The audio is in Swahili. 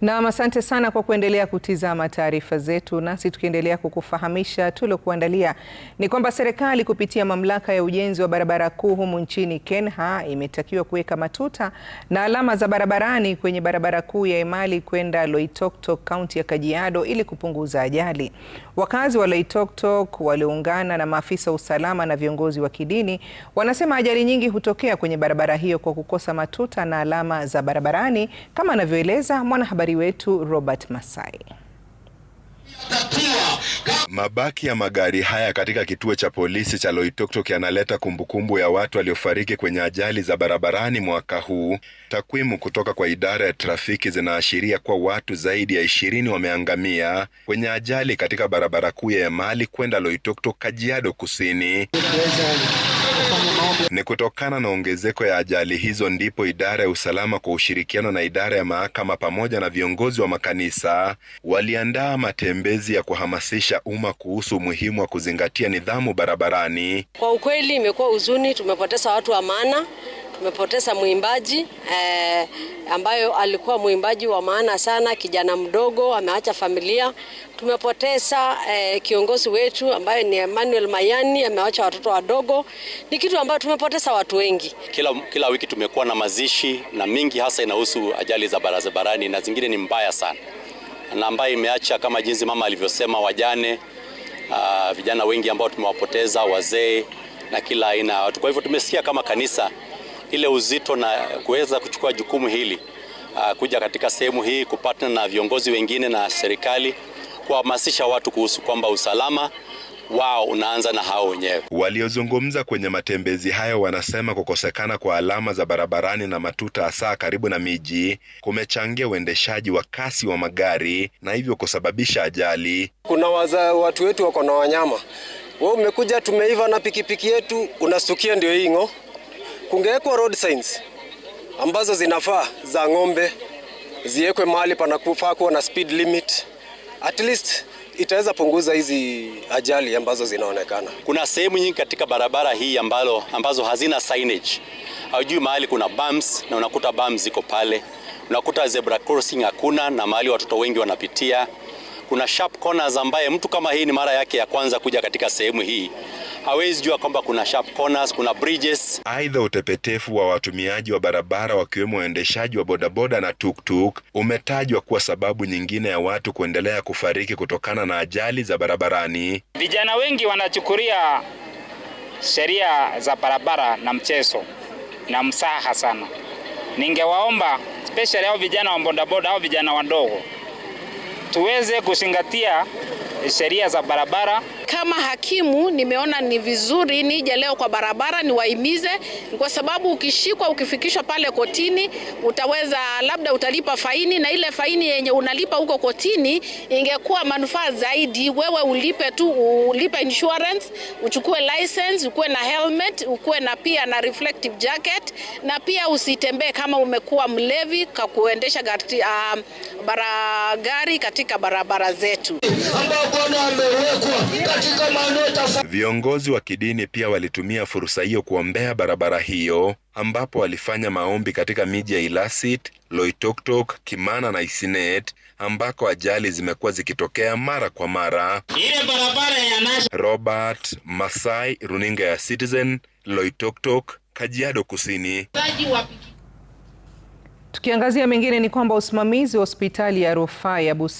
Nam, asante sana kwa kuendelea kutizama taarifa zetu, nasi tukiendelea kukufahamisha tuliokuandalia ni kwamba serikali kupitia mamlaka ya ujenzi wa barabara kuu humu nchini KENHA imetakiwa kuweka matuta na alama za barabarani kwenye barabara kuu ya Emali kwenda Loitoktok, kaunti ya Kajiado ili kupunguza ajali. Wakazi wa Loitoktok walioungana na maafisa usalama na viongozi wa kidini wanasema ajali nyingi hutokea kwenye barabara hiyo kwa kukosa matuta na alama za barabarani, kama anavyoeleza mwanahabari Mwanahabari wetu Robert Masai. Mabaki ya magari haya katika kituo cha polisi cha Loitoktok yanaleta kumbukumbu ya watu waliofariki kwenye ajali za barabarani mwaka huu. Takwimu kutoka kwa idara ya trafiki zinaashiria kuwa watu zaidi ya ishirini wameangamia kwenye ajali katika barabara kuu ya Emali kwenda Loitoktok, Kajiado Kusini. Ni kutokana na ongezeko ya ajali hizo ndipo idara ya usalama kwa ushirikiano na idara ya mahakama pamoja na viongozi wa makanisa waliandaa matembezi ya kuhamasisha umma kuhusu umuhimu wa kuzingatia nidhamu barabarani. Kwa ukweli imekuwa huzuni, tumepoteza watu wa maana Tumepoteza mwimbaji eh, ambayo alikuwa mwimbaji wa maana sana, kijana mdogo ameacha familia. Tumepoteza eh, kiongozi wetu ambaye ni Emmanuel Mayani, ameacha watoto wadogo. Ni kitu ambayo tumepoteza watu wengi. Kila, kila wiki tumekuwa na mazishi na mingi hasa inahusu ajali za barabarani na zingine ni mbaya sana, na ambayo imeacha kama jinsi mama alivyosema, wajane uh, vijana wengi ambao tumewapoteza, wazee na kila aina ya watu. Kwa hivyo tumesikia kama kanisa ile uzito na kuweza kuchukua jukumu hili uh, kuja katika sehemu hii kupatana na viongozi wengine na serikali kuhamasisha watu kuhusu kwamba usalama wao unaanza na hao wenyewe. Waliozungumza kwenye matembezi hayo wanasema kukosekana kwa alama za barabarani na matuta hasa karibu na miji kumechangia uendeshaji wa kasi wa magari na hivyo kusababisha ajali. Kuna waza, watu wetu wako na wanyama, wewe umekuja tumeiva na pikipiki yetu unasukia ndio ing'o kungewekwa road signs ambazo zinafaa za ng'ombe ziwekwe mahali panafaa kuwa na speed limit. At least itaweza punguza hizi ajali ambazo zinaonekana. Kuna sehemu nyingi katika barabara hii ambalo, ambazo hazina signage. Haujui mahali kuna bumps na unakuta bumps ziko pale, unakuta zebra crossing hakuna na mahali watoto wengi wanapitia. Kuna sharp corners ambaye mtu kama hii ni mara yake ya kwanza kuja katika sehemu hii hawezi jua kwamba kuna sharp corners, kuna bridges. Aidha, utepetefu wa watumiaji wa barabara wakiwemo waendeshaji wa bodaboda na tuktuk umetajwa kuwa sababu nyingine ya watu kuendelea kufariki kutokana na ajali za barabarani. Vijana wengi wanachukulia sheria za barabara na mchezo na msaha sana. Ningewaomba especially hao vijana wa bodaboda au vijana wadogo tuweze kuzingatia sheria za barabara. Kama hakimu nimeona ni vizuri nije leo kwa barabara niwahimize, kwa sababu ukishikwa, ukifikishwa pale kotini, utaweza labda utalipa faini, na ile faini yenye unalipa huko kotini ingekuwa manufaa zaidi wewe ulipe tu, ulipe insurance, uchukue license, ukuwe na helmet, ukuwe na pia na reflective jacket, na pia usitembee kama umekuwa mlevi kwa kuendesha gari, uh, ah, bara, gari katika barabara zetu ambao Bwana amewekwa Viongozi wa kidini pia walitumia fursa hiyo kuombea barabara hiyo ambapo walifanya maombi katika miji ya Ilasit, Loitoktok, Kimana na Isinet ambako ajali zimekuwa zikitokea mara kwa mara. Ile barabara ya Robert Masai, runinga ya Citizen, Loitoktok, Kajiado Kusini. Tukiangazia mengine ni kwamba usimamizi wa hospitali ya rufaa ya Busia